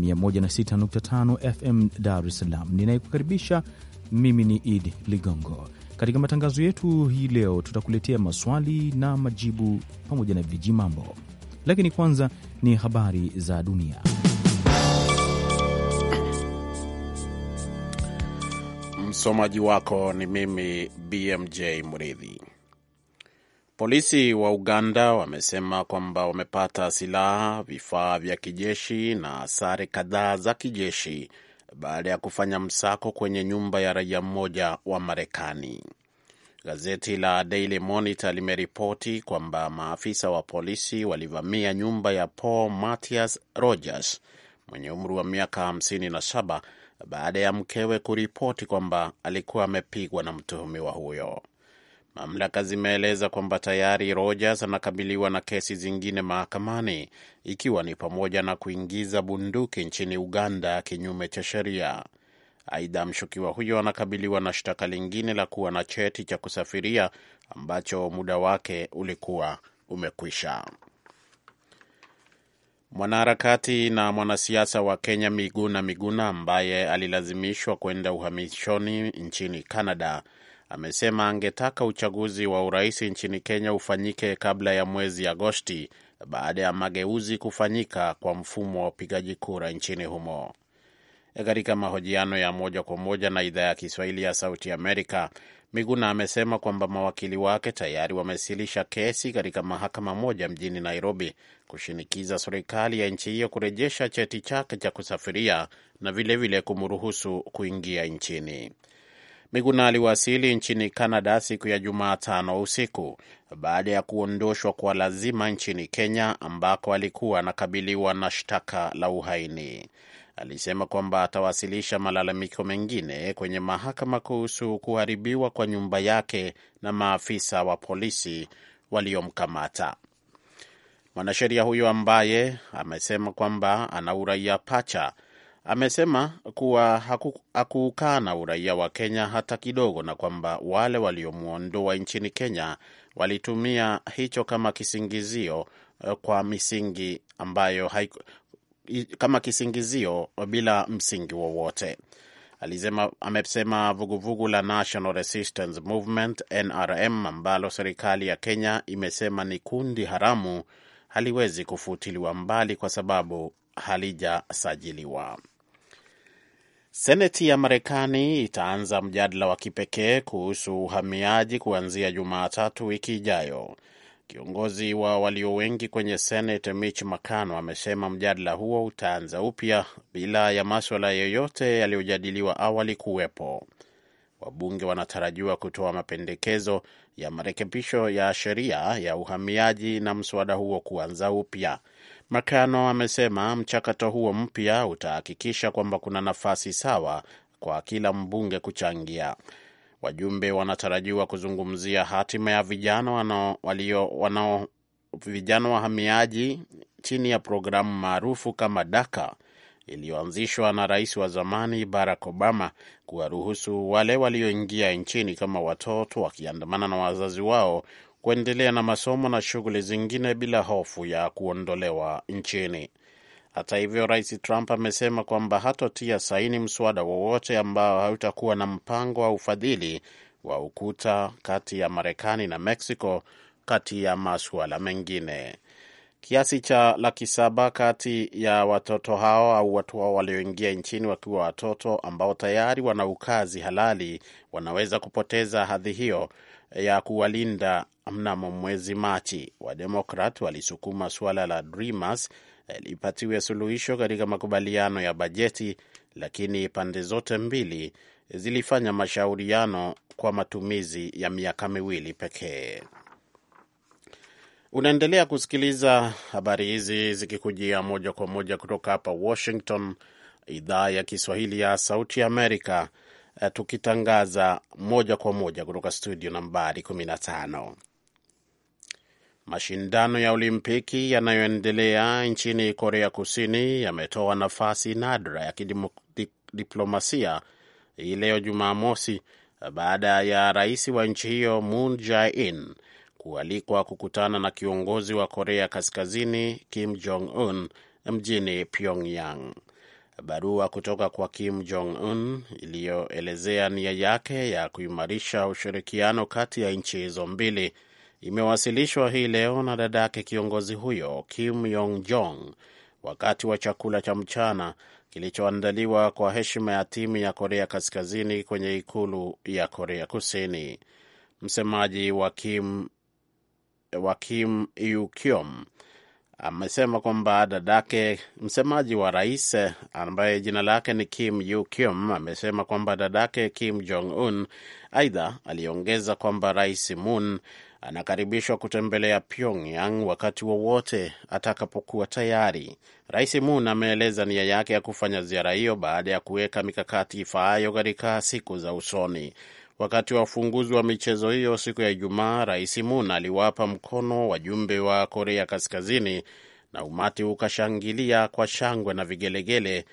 106.5 FM Dar es Salaam. Ninayekukaribisha mimi ni Idi Ligongo. Katika matangazo yetu hii leo, tutakuletea maswali na majibu pamoja na viji mambo, lakini kwanza ni habari za dunia. Msomaji wako ni mimi BMJ Mridhi. Polisi wa Uganda wamesema kwamba wamepata silaha, vifaa vya kijeshi na sare kadhaa za kijeshi baada ya kufanya msako kwenye nyumba ya raia mmoja wa Marekani. Gazeti la Daily Monitor limeripoti kwamba maafisa wa polisi walivamia nyumba ya Paul Mathias Rogers mwenye umri wa miaka 57 baada ya mkewe kuripoti kwamba alikuwa amepigwa na mtuhumiwa huyo. Mamlaka zimeeleza kwamba tayari Rogers anakabiliwa na kesi zingine mahakamani ikiwa ni pamoja na kuingiza bunduki nchini Uganda kinyume cha sheria. Aidha, mshukiwa huyo anakabiliwa na shtaka lingine la kuwa na cheti cha kusafiria ambacho muda wake ulikuwa umekwisha. Mwanaharakati na mwanasiasa wa Kenya Miguna Miguna ambaye alilazimishwa kwenda uhamishoni nchini Canada amesema angetaka uchaguzi wa urais nchini Kenya ufanyike kabla ya mwezi Agosti baada ya mageuzi kufanyika kwa mfumo wa upigaji kura nchini humo. Katika mahojiano ya moja kwa moja na idhaa ya Kiswahili ya Sauti Amerika, Miguna amesema kwamba mawakili wake tayari wamewasilisha kesi katika mahakama moja mjini Nairobi kushinikiza serikali ya nchi hiyo kurejesha cheti chake cha kusafiria na vilevile kumruhusu kuingia nchini. Miguna aliwasili nchini Canada siku ya Jumatano usiku baada ya kuondoshwa kwa lazima nchini Kenya ambako alikuwa anakabiliwa na shtaka la uhaini. Alisema kwamba atawasilisha malalamiko mengine kwenye mahakama kuhusu kuharibiwa kwa nyumba yake na maafisa wa polisi waliomkamata. Mwanasheria huyo ambaye amesema kwamba ana uraia pacha amesema kuwa hakuukana uraia wa Kenya hata kidogo, na kwamba wale waliomwondoa nchini Kenya walitumia hicho kama kisingizio eh, kwa misingi ambayo haiku, kama kisingizio bila msingi wowote. Alisema, amesema vuguvugu la National Resistance Movement NRM ambalo serikali ya Kenya imesema ni kundi haramu haliwezi kufutiliwa mbali kwa sababu halijasajiliwa. Seneti ya Marekani itaanza mjadala wa kipekee kuhusu uhamiaji kuanzia Jumatatu wiki ijayo. Kiongozi wa walio wengi kwenye Senate Mitch McConnell amesema mjadala huo utaanza upya bila ya maswala yoyote yaliyojadiliwa awali kuwepo wabunge wanatarajiwa kutoa mapendekezo ya marekebisho ya sheria ya uhamiaji na mswada huo kuanza upya. Makano amesema mchakato huo mpya utahakikisha kwamba kuna nafasi sawa kwa kila mbunge kuchangia. Wajumbe wanatarajiwa kuzungumzia hatima ya vijana wanao, walio, wanao, vijana wahamiaji chini ya programu maarufu kama Daka iliyoanzishwa na rais wa zamani Barack Obama kuwaruhusu wale walioingia nchini kama watoto wakiandamana na wazazi wao kuendelea na masomo na shughuli zingine bila hofu ya kuondolewa nchini. Hata hivyo, rais Trump amesema kwamba hatotia saini mswada wowote ambao hautakuwa na mpango wa ufadhili wa ukuta kati ya Marekani na Mexico, kati ya masuala mengine. Kiasi cha laki saba kati ya watoto hao au watu hao walioingia nchini wakiwa watoto ambao tayari wana ukazi halali wanaweza kupoteza hadhi hiyo ya kuwalinda. Mnamo mwezi Machi, Wademokrat walisukuma suala la Dreamers eh, lipatiwe suluhisho katika makubaliano ya bajeti, lakini pande zote mbili zilifanya mashauriano kwa matumizi ya miaka miwili pekee. Unaendelea kusikiliza habari hizi zikikujia moja kwa moja kutoka hapa Washington, idhaa ya Kiswahili ya Sauti Amerika, eh, tukitangaza moja kwa moja kutoka studio nambari 15. Mashindano ya Olimpiki yanayoendelea nchini Korea Kusini yametoa nafasi nadra ya kidiplomasia hii leo Jumamosi eh, baada ya rais wa nchi hiyo Moon Jae-in kualikwa kukutana na kiongozi wa Korea Kaskazini Kim Jong Un mjini Pyongyang. Barua kutoka kwa Kim Jong Un iliyoelezea nia yake ya kuimarisha ushirikiano kati ya nchi hizo mbili imewasilishwa hii leo na dadake kiongozi huyo Kim Yong Jong wakati wa chakula cha mchana kilichoandaliwa kwa heshima ya timu ya Korea Kaskazini kwenye ikulu ya Korea Kusini. Msemaji wa Kim wa Kim Yukyom amesema kwamba dadake, msemaji wa rais ambaye jina lake ni Kim Yukyom amesema kwamba dadake Kim Jong Un. Aidha, aliongeza kwamba rais Moon anakaribishwa kutembelea Pyongyang wakati wowote wa atakapokuwa tayari. Rais Moon ameeleza nia yake ya kufanya ziara hiyo baada ya kuweka mikakati ifaayo katika siku za usoni. Wakati wa ufunguzi wa michezo hiyo siku ya Ijumaa, Rais Moon aliwapa mkono wajumbe wa Korea Kaskazini na umati ukashangilia kwa shangwe na vigelegele,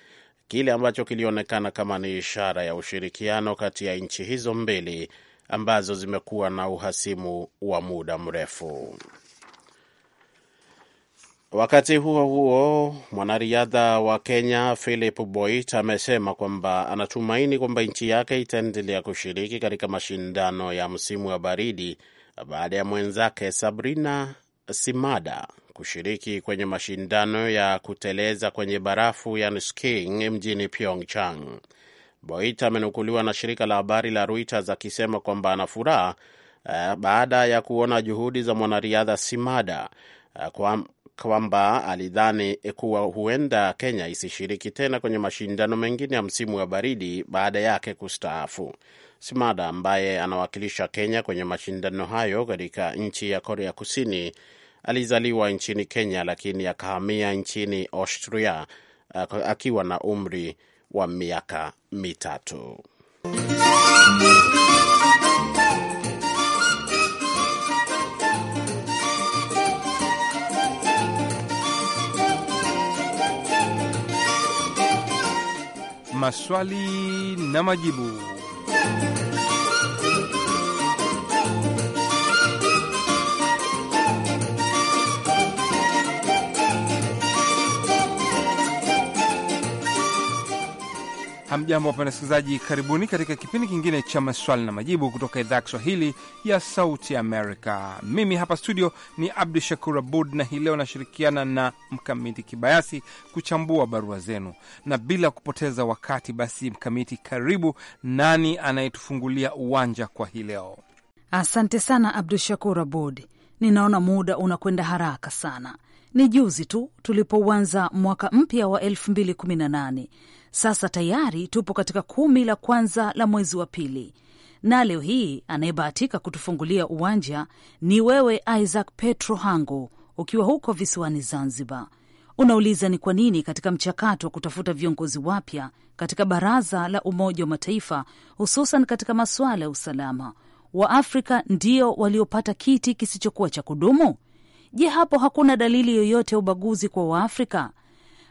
kile ambacho kilionekana kama ni ishara ya ushirikiano kati ya nchi hizo mbili ambazo zimekuwa na uhasimu wa muda mrefu. Wakati huo huo, mwanariadha wa Kenya Philip Boit amesema kwamba anatumaini kwamba nchi yake itaendelea kushiriki katika mashindano ya msimu wa baridi baada ya mwenzake Sabrina Simada kushiriki kwenye mashindano ya kuteleza kwenye barafu yani skiing mjini Pyeongchang. Boit amenukuliwa na shirika la habari la Reuters akisema kwamba ana furaha eh, baada ya kuona juhudi za mwanariadha Simada eh, kwamba alidhani kuwa huenda Kenya isishiriki tena kwenye mashindano mengine ya msimu wa baridi baada yake kustaafu. smada ambaye anawakilisha Kenya kwenye mashindano hayo katika nchi ya Korea Kusini alizaliwa nchini Kenya lakini akahamia nchini Austria uh, akiwa na umri wa miaka mitatu. maswali na majibu. Hamjambo, wapenda wasikilizaji, karibuni katika kipindi kingine cha maswali na majibu kutoka idhaa ya Kiswahili ya Sauti Amerika. Mimi hapa studio ni Abdu Shakur Abud, na hii leo nashirikiana na Mkamiti Kibayasi kuchambua barua zenu, na bila kupoteza wakati, basi Mkamiti, karibu. Nani anayetufungulia uwanja kwa hii leo? Asante sana Abdu Shakur Abud, ninaona muda unakwenda haraka sana. Ni juzi tu tulipouanza mwaka mpya wa 2018 sasa tayari tupo katika kumi la kwanza la mwezi wa pili, na leo hii anayebahatika kutufungulia uwanja ni wewe Isaac Petro Hango, ukiwa huko visiwani Zanzibar. Unauliza ni kwa nini katika mchakato wa kutafuta viongozi wapya katika Baraza la Umoja wa Mataifa, hususan katika masuala ya usalama, Waafrika ndio waliopata kiti kisichokuwa cha kudumu? Je, hapo hakuna dalili yoyote ya ubaguzi kwa Waafrika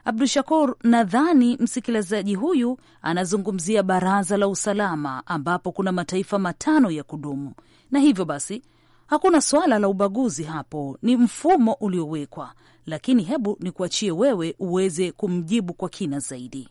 Abdu Shakur, nadhani msikilizaji huyu anazungumzia Baraza la Usalama ambapo kuna mataifa matano ya kudumu, na hivyo basi hakuna swala la ubaguzi hapo, ni mfumo uliowekwa. Lakini hebu nikuachie wewe uweze kumjibu kwa kina zaidi.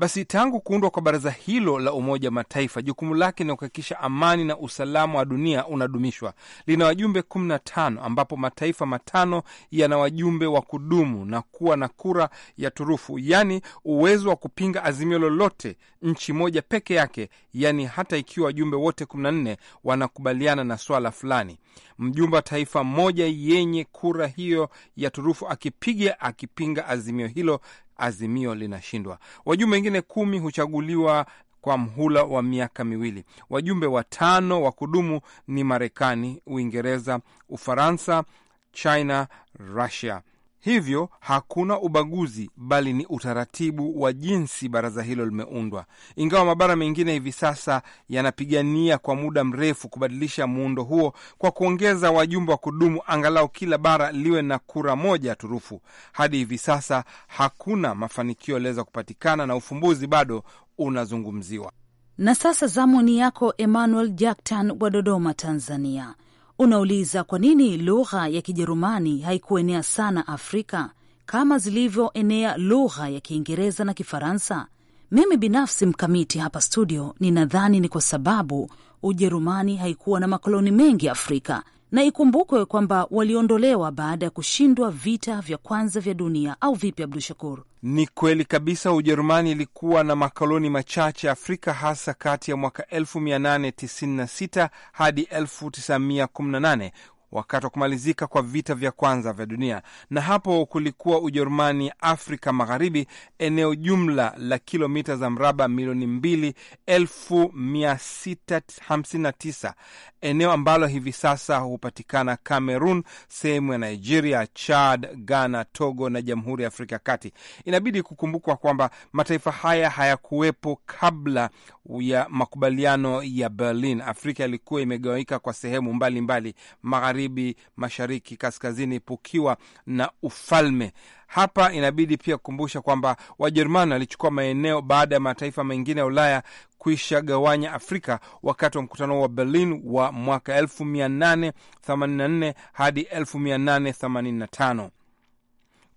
Basi tangu kuundwa kwa baraza hilo la Umoja wa Mataifa, jukumu lake ni kuhakikisha amani na usalama wa dunia unadumishwa. Lina wajumbe 15 ambapo mataifa matano yana wajumbe wa kudumu na kuwa na kura ya turufu, yaani uwezo wa kupinga azimio lolote nchi moja peke yake, yaani hata ikiwa wajumbe wote 14 wanakubaliana na swala fulani. Mjumbe wa taifa moja yenye kura hiyo ya turufu akipiga akipinga azimio hilo azimio linashindwa. Wajumbe wengine kumi huchaguliwa kwa mhula wa miaka miwili. Wajumbe watano wa kudumu ni Marekani, Uingereza, Ufaransa, China, Rusia Hivyo hakuna ubaguzi, bali ni utaratibu wa jinsi baraza hilo limeundwa. Ingawa mabara mengine hivi sasa yanapigania kwa muda mrefu kubadilisha muundo huo kwa kuongeza wajumbe wa kudumu, angalau kila bara liwe na kura moja turufu, hadi hivi sasa hakuna mafanikio yaliweza kupatikana na ufumbuzi bado unazungumziwa. Na sasa zamu ni yako Emmanuel Jaktan wa Dodoma, Tanzania. Unauliza kwa nini lugha ya Kijerumani haikuenea sana Afrika kama zilivyoenea lugha ya Kiingereza na Kifaransa? Mimi binafsi mkamiti hapa studio, ninadhani ni kwa sababu Ujerumani haikuwa na makoloni mengi Afrika, na ikumbukwe kwamba waliondolewa baada ya kushindwa vita vya kwanza vya dunia, au vipi, Abdu Shakur? Ni kweli kabisa. Ujerumani ilikuwa na makoloni machache Afrika, hasa kati ya mwaka 1896 hadi 1918 wakati wa kumalizika kwa vita vya kwanza vya dunia, na hapo kulikuwa Ujerumani Afrika Magharibi, eneo jumla la kilomita za mraba milioni 2659, eneo ambalo hivi sasa hupatikana Cameroon, sehemu ya Nigeria, Chad, Ghana, Togo na Jamhuri ya Afrika ya Kati. Inabidi kukumbukwa kwamba mataifa haya hayakuwepo kabla ya makubaliano ya Berlin, Afrika ilikuwa imegawanyika kwa sehemu mbalimbali mbali, magharibi, mashariki, kaskazini, pukiwa na ufalme. Hapa inabidi pia kukumbusha kwamba Wajerumani walichukua maeneo baada ya mataifa mengine ya Ulaya kuisha gawanya Afrika wakati wa mkutano wa Berlin wa mwaka 1884 hadi 1885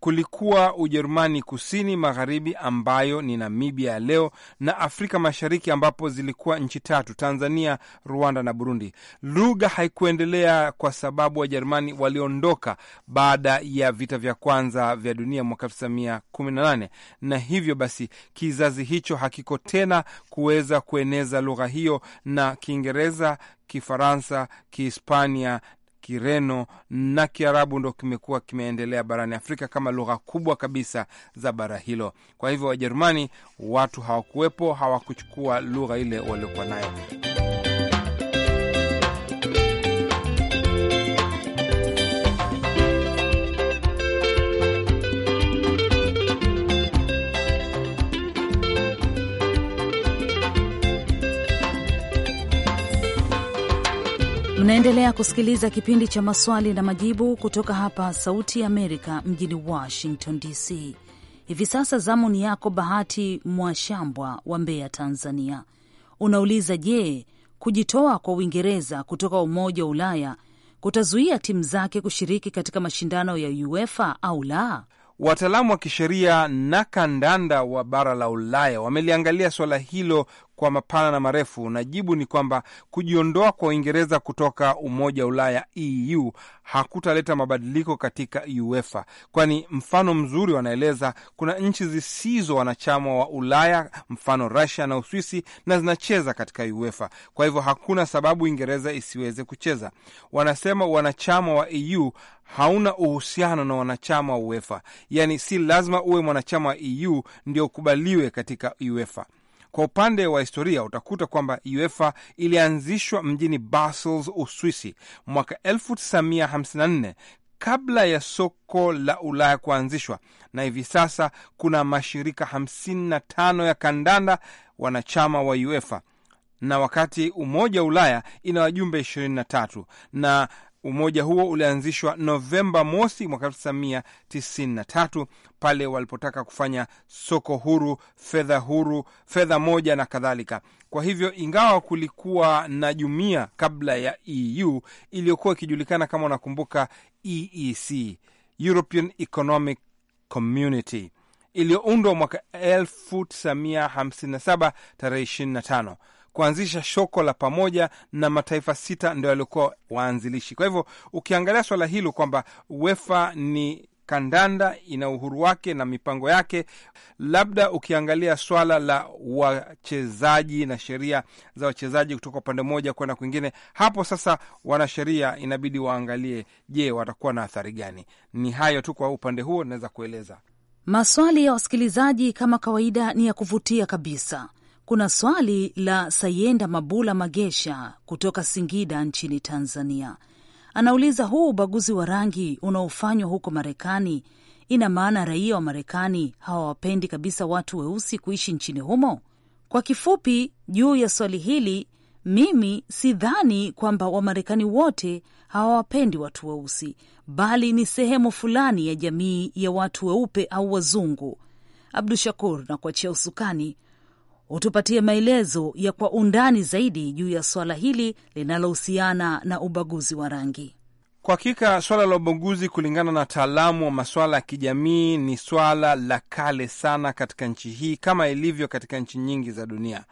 kulikuwa Ujerumani kusini magharibi ambayo ni Namibia ya leo na Afrika Mashariki ambapo zilikuwa nchi tatu, Tanzania, Rwanda na Burundi. Lugha haikuendelea kwa sababu Wajerumani waliondoka baada ya vita vya kwanza vya dunia mwaka 1918 na hivyo basi kizazi hicho hakiko tena kuweza kueneza lugha hiyo, na Kiingereza, Kifaransa, Kihispania Kireno na Kiarabu ndo kimekuwa kimeendelea barani Afrika kama lugha kubwa kabisa za bara hilo. Kwa hivyo, Wajerumani watu hawakuwepo, hawakuchukua lugha ile waliokuwa nayo. Tunaendelea kusikiliza kipindi cha maswali na majibu kutoka hapa Sauti ya Amerika mjini Washington DC. Hivi sasa zamu ni yako Bahati Mwashambwa wa Mbeya, Tanzania. Unauliza, je, kujitoa kwa Uingereza kutoka Umoja wa Ulaya kutazuia timu zake kushiriki katika mashindano ya UEFA au la? Wataalamu wa kisheria na kandanda wa bara la Ulaya wameliangalia suala hilo kwa mapana na marefu, na jibu ni kwamba kujiondoa kwa Uingereza kutoka Umoja wa Ulaya EU hakutaleta mabadiliko katika UEFA, kwani mfano mzuri wanaeleza, kuna nchi zisizo wanachama wa Ulaya, mfano Russia na Uswisi, na zinacheza katika UEFA. Kwa hivyo hakuna sababu Uingereza isiweze kucheza. Wanasema wanachama wa EU hauna uhusiano na wanachama wa UEFA, yaani si lazima uwe mwanachama wa EU ndio ukubaliwe katika UEFA. Kwa upande wa historia utakuta kwamba UEFA ilianzishwa mjini Basel, Uswisi mwaka 1954 kabla ya soko la Ulaya kuanzishwa, na hivi sasa kuna mashirika 55 ya kandanda wanachama wa UEFA na wakati Umoja wa Ulaya ina wajumbe 23 na Umoja huo ulianzishwa Novemba mosi mwaka 1993 pale walipotaka kufanya soko huru, fedha huru, fedha moja na kadhalika. Kwa hivyo, ingawa kulikuwa na jumuiya kabla ya EU iliyokuwa ikijulikana kama unakumbuka, EEC, European Economic Community iliyoundwa mwaka 1957 tarehe 25 kuanzisha shoko la pamoja, na mataifa sita ndio yaliokuwa waanzilishi. Kwa hivyo ukiangalia swala hilo kwamba UEFA ni kandanda ina uhuru wake na mipango yake. Labda ukiangalia swala la wachezaji na sheria za wachezaji kutoka upande mmoja kwenda kwingine, hapo sasa wanasheria inabidi waangalie, je, watakuwa na athari gani? Ni hayo tu kwa upande huo naweza kueleza. Maswali ya wasikilizaji kama kawaida ni ya kuvutia kabisa kuna swali la Sayenda Mabula Magesha kutoka Singida nchini Tanzania. Anauliza, huu ubaguzi wa rangi unaofanywa huko Marekani, ina maana raia wa Marekani hawawapendi kabisa watu weusi kuishi nchini humo? Kwa kifupi, juu ya swali hili, mimi sidhani kwamba Wamarekani wote hawawapendi watu weusi, bali ni sehemu fulani ya jamii ya watu weupe au wazungu. Abdu Shakur, na kuachia usukani utupatie maelezo ya kwa undani zaidi juu ya suala hili linalohusiana na ubaguzi wa rangi. Kwa hakika swala la ubaguzi, kulingana na wataalamu wa masuala ya kijamii, ni swala la kale sana katika nchi hii kama ilivyo katika nchi nyingi za dunia.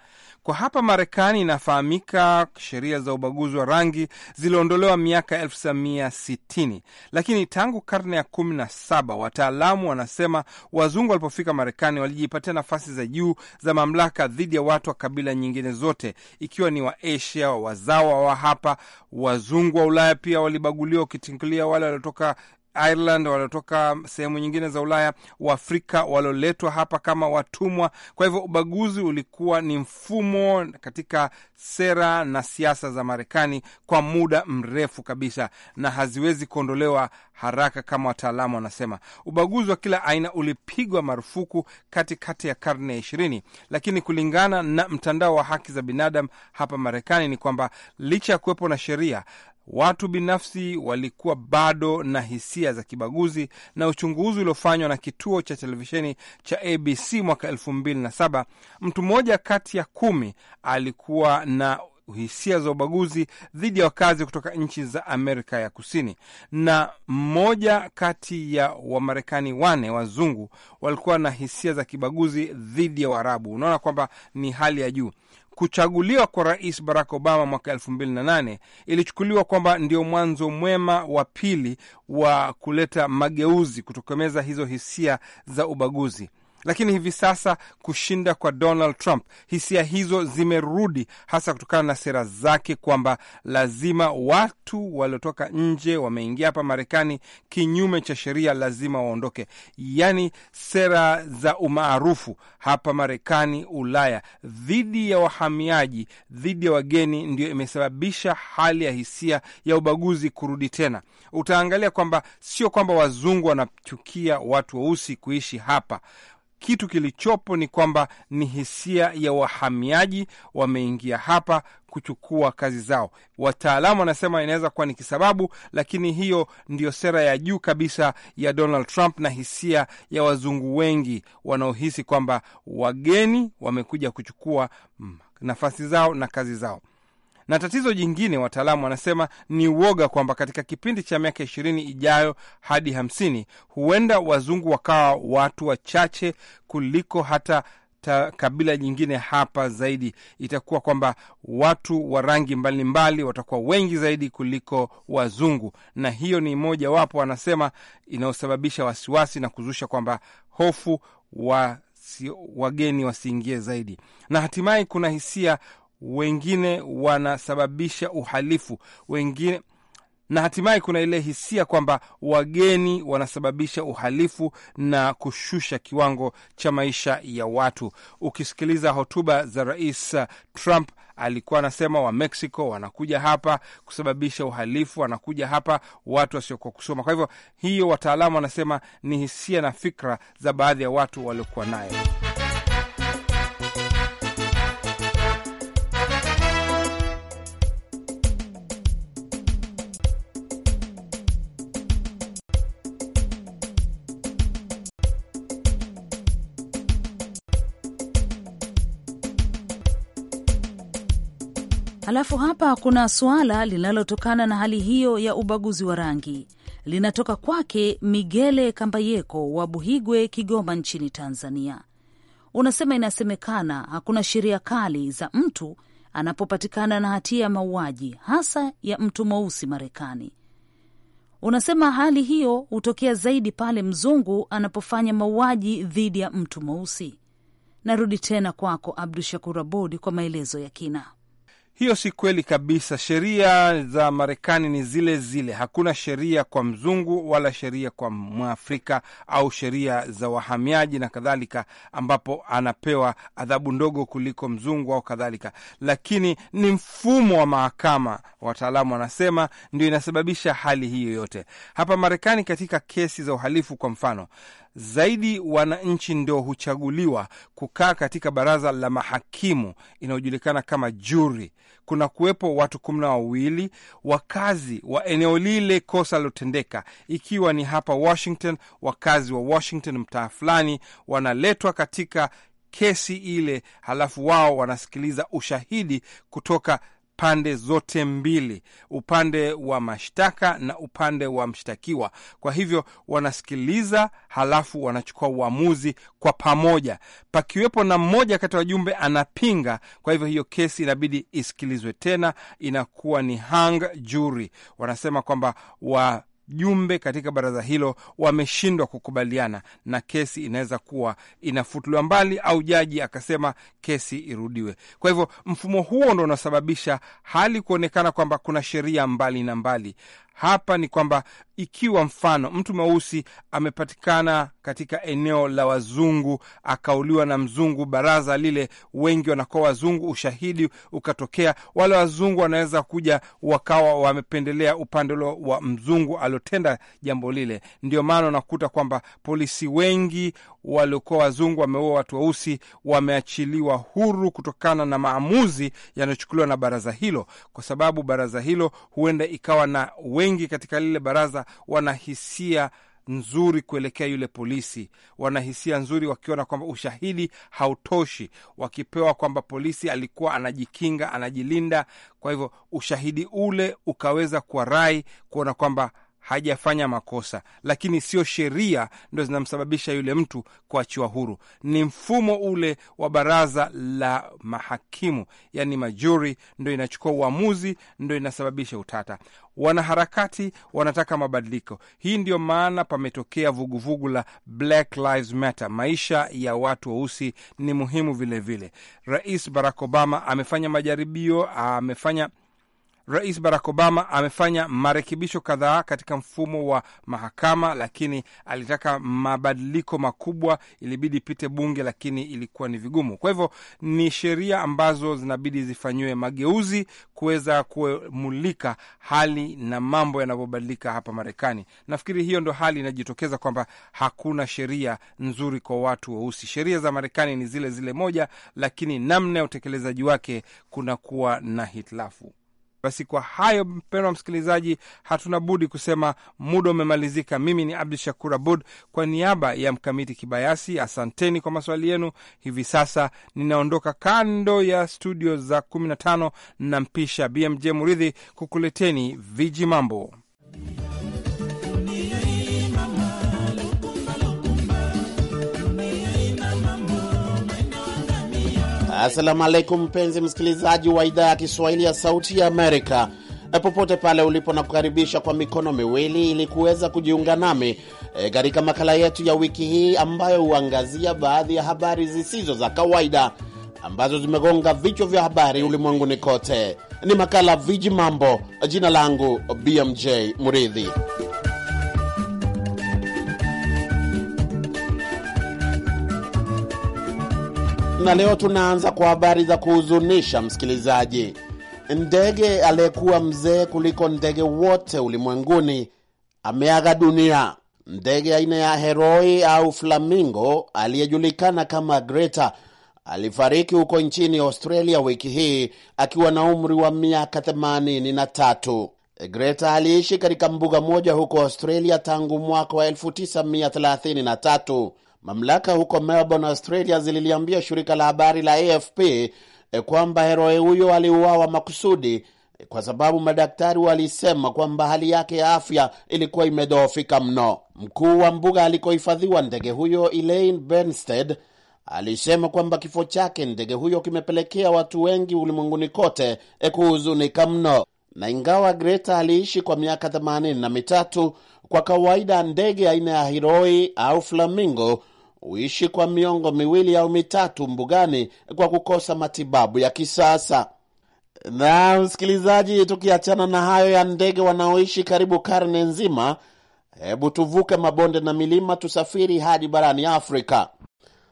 Kwa hapa Marekani inafahamika sheria za ubaguzi wa rangi ziliondolewa miaka 1960 lakini tangu karne ya 17 wataalamu wanasema wazungu walipofika Marekani walijipatia nafasi za juu za mamlaka dhidi ya watu wa kabila nyingine zote, ikiwa ni Waasia, wazawa wa hapa, wazungu wa Ulaya pia walibaguliwa, ukitingilia wale waliotoka Ireland, waliotoka sehemu nyingine za Ulaya, Waafrika walioletwa hapa kama watumwa. Kwa hivyo ubaguzi ulikuwa ni mfumo katika sera na siasa za Marekani kwa muda mrefu kabisa, na haziwezi kuondolewa haraka kama wataalamu wanasema. Ubaguzi wa kila aina ulipigwa marufuku katikati ya karne ya ishirini, lakini kulingana na mtandao wa haki za binadamu hapa Marekani ni kwamba licha ya kuwepo na sheria watu binafsi walikuwa bado na hisia za kibaguzi, na uchunguzi uliofanywa na kituo cha televisheni cha ABC mwaka elfu mbili na saba mtu mmoja kati ya kumi alikuwa na hisia za ubaguzi dhidi ya wakazi kutoka nchi za Amerika ya Kusini, na mmoja kati ya Wamarekani wane wazungu walikuwa na hisia za kibaguzi dhidi ya Waarabu. Unaona kwamba ni hali ya juu kuchaguliwa kwa Rais Barack Obama mwaka elfu mbili na nane ilichukuliwa kwamba ndio mwanzo mwema wa pili wa kuleta mageuzi, kutokomeza hizo hisia za ubaguzi. Lakini hivi sasa kushinda kwa Donald Trump, hisia hizo zimerudi, hasa kutokana na sera zake kwamba lazima watu waliotoka nje wameingia hapa Marekani kinyume cha sheria lazima waondoke, yaani sera za umaarufu hapa Marekani, Ulaya dhidi ya wahamiaji, dhidi ya wageni, ndio imesababisha hali ya hisia ya ubaguzi kurudi tena. Utaangalia kwamba sio kwamba wazungu wanachukia watu weusi kuishi hapa kitu kilichopo ni kwamba ni hisia ya wahamiaji wameingia hapa kuchukua kazi zao. Wataalamu wanasema inaweza kuwa ni kisababu, lakini hiyo ndiyo sera ya juu kabisa ya Donald Trump na hisia ya wazungu wengi wanaohisi kwamba wageni wamekuja kuchukua nafasi zao na kazi zao. Na tatizo jingine, wataalamu wanasema ni uoga kwamba katika kipindi cha miaka ishirini ijayo hadi hamsini huenda wazungu wakawa watu wachache kuliko hata ta kabila jingine hapa zaidi. Itakuwa kwamba watu wa rangi mbalimbali watakuwa wengi zaidi kuliko wazungu, na hiyo ni moja wapo wanasema inayosababisha wasiwasi na kuzusha kwamba hofu wa wageni wasiingie zaidi, na hatimaye kuna hisia wengine wanasababisha uhalifu wengine, na hatimaye kuna ile hisia kwamba wageni wanasababisha uhalifu na kushusha kiwango cha maisha ya watu. Ukisikiliza hotuba za Rais Trump alikuwa anasema wa Mexico wanakuja hapa kusababisha uhalifu, wanakuja hapa watu wasiokuwa kusoma. Kwa hivyo hiyo, wataalamu wanasema ni hisia na fikra za baadhi ya watu waliokuwa nayo. Alafu hapa kuna suala linalotokana na hali hiyo ya ubaguzi wa rangi linatoka kwake Migele Kambayeko wa Buhigwe, Kigoma nchini Tanzania. Unasema inasemekana hakuna sheria kali za mtu anapopatikana na hatia ya mauaji hasa ya mtu mweusi Marekani. Unasema hali hiyo hutokea zaidi pale mzungu anapofanya mauaji dhidi ya mtu mweusi. Narudi tena kwako Abdu Shakur Abod kwa maelezo ya kina. Hiyo si kweli kabisa. Sheria za Marekani ni zile zile, hakuna sheria kwa mzungu wala sheria kwa Mwafrika au sheria za wahamiaji na kadhalika, ambapo anapewa adhabu ndogo kuliko mzungu au kadhalika. Lakini ni mfumo wa mahakama, wataalamu wanasema, ndio inasababisha hali hiyo yote hapa Marekani. Katika kesi za uhalifu, kwa mfano, zaidi wananchi ndio huchaguliwa kukaa katika baraza la mahakimu inayojulikana kama juri. Kuna kuwepo watu kumi na wawili wakazi wa eneo lile kosa lilotendeka, ikiwa ni hapa Washington, wakazi wa Washington mtaa fulani wanaletwa katika kesi ile, halafu wao wanasikiliza ushahidi kutoka pande zote mbili, upande wa mashtaka na upande wa mshtakiwa. Kwa hivyo wanasikiliza, halafu wanachukua uamuzi kwa pamoja, pakiwepo na mmoja kati ya wajumbe anapinga. Kwa hivyo hiyo kesi inabidi isikilizwe tena, inakuwa ni hang jury. Wanasema kwamba wa wajumbe katika baraza hilo wameshindwa kukubaliana, na kesi inaweza kuwa inafutuliwa mbali au jaji akasema kesi irudiwe. Kwa hivyo mfumo huo ndo unasababisha hali kuonekana kwamba kuna sheria mbali na mbali hapa ni kwamba ikiwa mfano mtu mweusi amepatikana katika eneo la wazungu akauliwa na mzungu, baraza lile wengi wanakuwa wazungu, ushahidi ukatokea, wale wazungu wanaweza kuja wakawa wamependelea upande ulo wa mzungu aliotenda jambo lile. Ndio maana unakuta kwamba polisi wengi waliokuwa wazungu wameua watu weusi wameachiliwa huru kutokana na maamuzi yanayochukuliwa na baraza hilo, kwa sababu baraza hilo huenda ikawa na wengi katika lile baraza wana hisia nzuri kuelekea yule polisi, wana hisia nzuri wakiona kwamba ushahidi hautoshi, wakipewa kwamba polisi alikuwa anajikinga, anajilinda. Kwa hivyo ushahidi ule ukaweza kuwa rai kuona kwamba hajafanya makosa, lakini sio sheria ndo zinamsababisha yule mtu kuachiwa huru. Ni mfumo ule wa baraza la mahakimu, yani majuri, ndo inachukua uamuzi, ndo inasababisha utata. Wanaharakati wanataka mabadiliko. Hii ndio maana pametokea vuguvugu la Black Lives Matter. Maisha ya watu weusi ni muhimu vilevile vile. Rais Barack Obama amefanya majaribio, amefanya Rais Barack Obama amefanya marekebisho kadhaa katika mfumo wa mahakama, lakini alitaka mabadiliko makubwa. Ilibidi ipite bunge, lakini ilikuwa ni vigumu. Kwa hivyo ni sheria ambazo zinabidi zifanyiwe mageuzi kuweza kumulika hali na mambo yanavyobadilika hapa Marekani. Nafikiri hiyo ndo hali inajitokeza kwamba hakuna sheria nzuri kwa watu weusi. Sheria za Marekani ni zile zile moja, lakini namna ya utekelezaji wake kunakuwa na hitilafu. Basi kwa hayo, mpendwa msikilizaji, hatuna budi kusema muda umemalizika. Mimi ni Abdu Shakur Abud kwa niaba ya Mkamiti Kibayasi, asanteni kwa maswali yenu. Hivi sasa ninaondoka kando ya studio za 15 na mpisha BMJ Muridhi kukuleteni viji mambo. Assalamu alaikum mpenzi msikilizaji wa idhaa ya Kiswahili ya Sauti ya Amerika e, popote pale ulipo, na kukaribisha kwa mikono miwili ili kuweza kujiunga nami e, katika e, makala yetu ya wiki hii ambayo huangazia baadhi ya habari zisizo za kawaida ambazo zimegonga vichwa vya habari ulimwenguni kote. Ni makala Viji Mambo. Jina langu BMJ Muridhi. Na leo tunaanza kwa habari za kuhuzunisha msikilizaji. Ndege aliyekuwa mzee kuliko ndege wote ulimwenguni ameaga dunia. Ndege aina ya heroi au flamingo aliyejulikana kama Greta alifariki huko nchini Australia wiki hii akiwa na umri wa miaka 83. Greta aliishi katika mbuga moja huko Australia tangu mwaka wa 1933 Mamlaka huko Melbourne, Australia zililiambia shirika la habari la AFP e, eh, kwamba heroe huyo aliuawa makusudi eh, kwa sababu madaktari walisema kwamba hali yake ya afya ilikuwa imedhoofika mno. Mkuu wa mbuga alikohifadhiwa ndege huyo Elaine Bensted alisema kwamba kifo chake ndege huyo kimepelekea watu wengi ulimwenguni kote e, kuhuzunika mno na ingawa Greta aliishi kwa miaka themanini na mitatu, kwa kawaida ndege aina ya hiroi au flamingo huishi kwa miongo miwili au mitatu mbugani kwa kukosa matibabu ya kisasa. Na msikilizaji, tukiachana na hayo ya ndege wanaoishi karibu karne nzima, hebu tuvuke mabonde na milima, tusafiri hadi barani Afrika.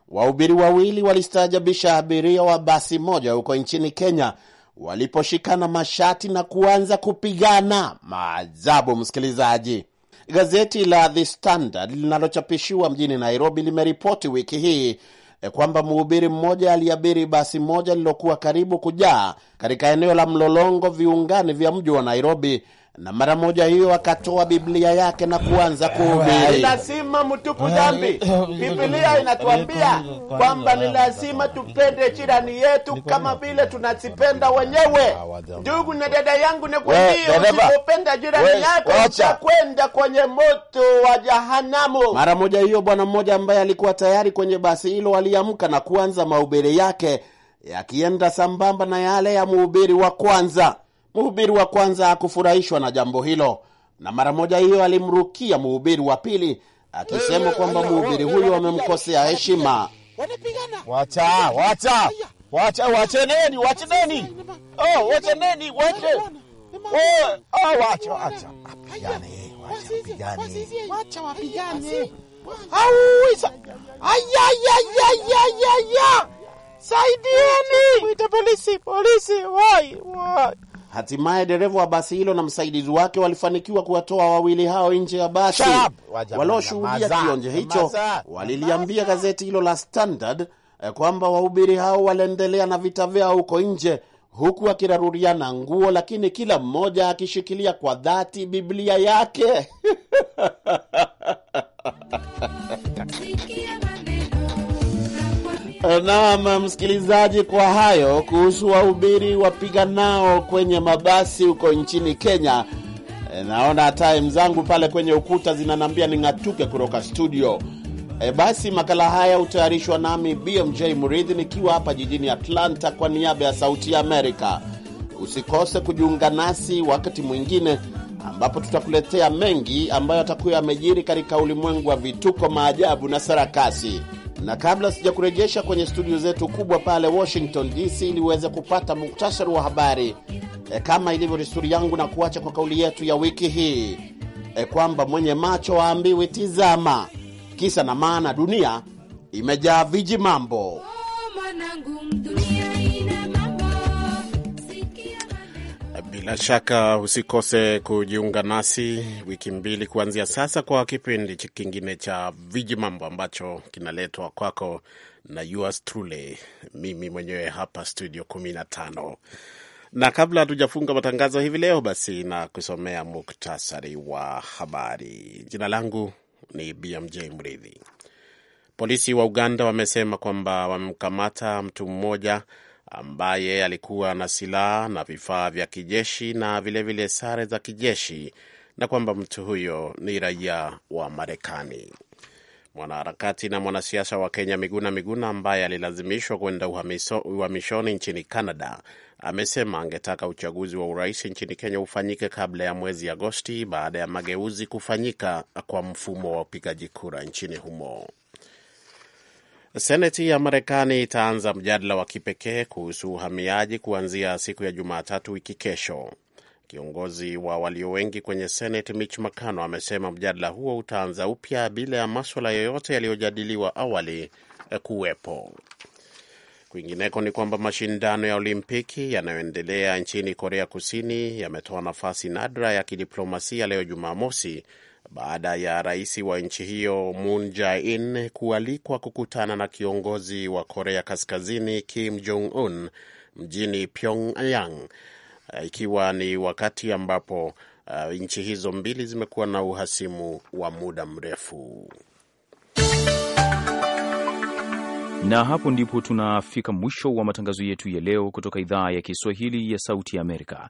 Wahubiri wawili walistaajabisha abiria wa basi moja huko nchini Kenya waliposhikana mashati na kuanza kupigana. Maajabu, msikilizaji. Gazeti la The Standard linalochapishiwa mjini Nairobi limeripoti wiki hii eh, kwamba mhubiri mmoja aliabiri basi moja lililokuwa karibu kujaa katika eneo la Mlolongo, viungani vya mji wa Nairobi, na mara moja hiyo akatoa Biblia yake na kuanza kuhubiri. lazima mtupu dhambi. Biblia inatuambia kwamba ni lazima tupende jirani yetu kama vile tunazipenda wenyewe. Ah, Ndugu na dada yangu, nikwambie, usipopenda jirani yako utakwenda kwenye moto wa jahanamu. Mara moja hiyo, bwana mmoja ambaye alikuwa tayari kwenye basi hilo aliamka na kuanza mahubiri yake yakienda sambamba na yale ya mhubiri wa kwanza. Mhubiri wa kwanza hakufurahishwa na jambo hilo, na mara moja hiyo alimrukia mhubiri wa pili akisema kwamba mhubiri huyo amemkosea heshima. Wacha, wacha, wacha, oh, oh, oh, wacha, wacha, apigane, wacha, apigane, wacha, wapigane, au isa, Saidieni, mwite polisi, polisi! Wai, wai! Hatimaye dereva wa basi hilo na msaidizi wake walifanikiwa kuwatoa wawili hao nje ya basi. Walioshuhudia kionje hicho waliliambia gazeti hilo la Standard eh, kwamba wahubiri hao waliendelea na vita vyao huko nje, huku akiraruriana nguo, lakini kila mmoja akishikilia kwa dhati Biblia yake Eh, naam, msikilizaji, kwa hayo kuhusu wahubiri wapiganao kwenye mabasi huko nchini Kenya. Eh, naona time zangu pale kwenye ukuta zinanambia ning'atuke kutoka studio. E, basi makala haya hutayarishwa nami BMJ Muridhi nikiwa hapa jijini Atlanta kwa niaba ya Sauti ya Amerika. Usikose kujiunga nasi wakati mwingine ambapo tutakuletea mengi ambayo atakuwa yamejiri katika ulimwengu wa vituko, maajabu na sarakasi. Na kabla sijakurejesha kwenye studio zetu kubwa pale Washington DC ili uweze kupata muktasari wa habari e, kama ilivyo desturi yangu, na kuacha kwa kauli yetu ya wiki hii e, kwamba mwenye macho aambiwi tizama. Kisa na maana, dunia imejaa viji mambo. Bila shaka usikose kujiunga nasi wiki mbili kuanzia sasa kwa kipindi kingine cha Viji Mambo ambacho kinaletwa kwako na yours truly, mimi mwenyewe hapa studio 15 na kabla hatujafunga matangazo hivi leo, basi na kusomea muktasari wa habari. Jina langu ni BMJ Mridhi. Polisi wa Uganda wamesema kwamba wamemkamata mtu mmoja ambaye alikuwa na silaha na vifaa vya kijeshi na vilevile vile sare za kijeshi na kwamba mtu huyo ni raia wa Marekani. Mwanaharakati na mwanasiasa wa Kenya Miguna Miguna ambaye alilazimishwa kwenda uhamishoni nchini Canada amesema angetaka uchaguzi wa urais nchini Kenya ufanyike kabla ya mwezi Agosti baada ya mageuzi kufanyika kwa mfumo wa upigaji kura nchini humo. Seneti ya Marekani itaanza mjadala wa kipekee kuhusu uhamiaji kuanzia siku ya Jumatatu wiki kesho. Kiongozi wa walio wengi kwenye Seneti Mitch McConnell amesema mjadala huo utaanza upya bila ya maswala yoyote yaliyojadiliwa awali eh, kuwepo. Kwingineko ni kwamba mashindano ya Olimpiki yanayoendelea nchini Korea Kusini yametoa nafasi nadra ya kidiplomasia leo Jumamosi baada ya rais wa nchi hiyo Moon Jae-in kualikwa kukutana na kiongozi wa Korea Kaskazini Kim Jong Un mjini Pyongyang, ikiwa ni wakati ambapo uh, nchi hizo mbili zimekuwa na uhasimu wa muda mrefu. Na hapo ndipo tunafika mwisho wa matangazo yetu ya leo kutoka idhaa ya Kiswahili ya Sauti ya Amerika.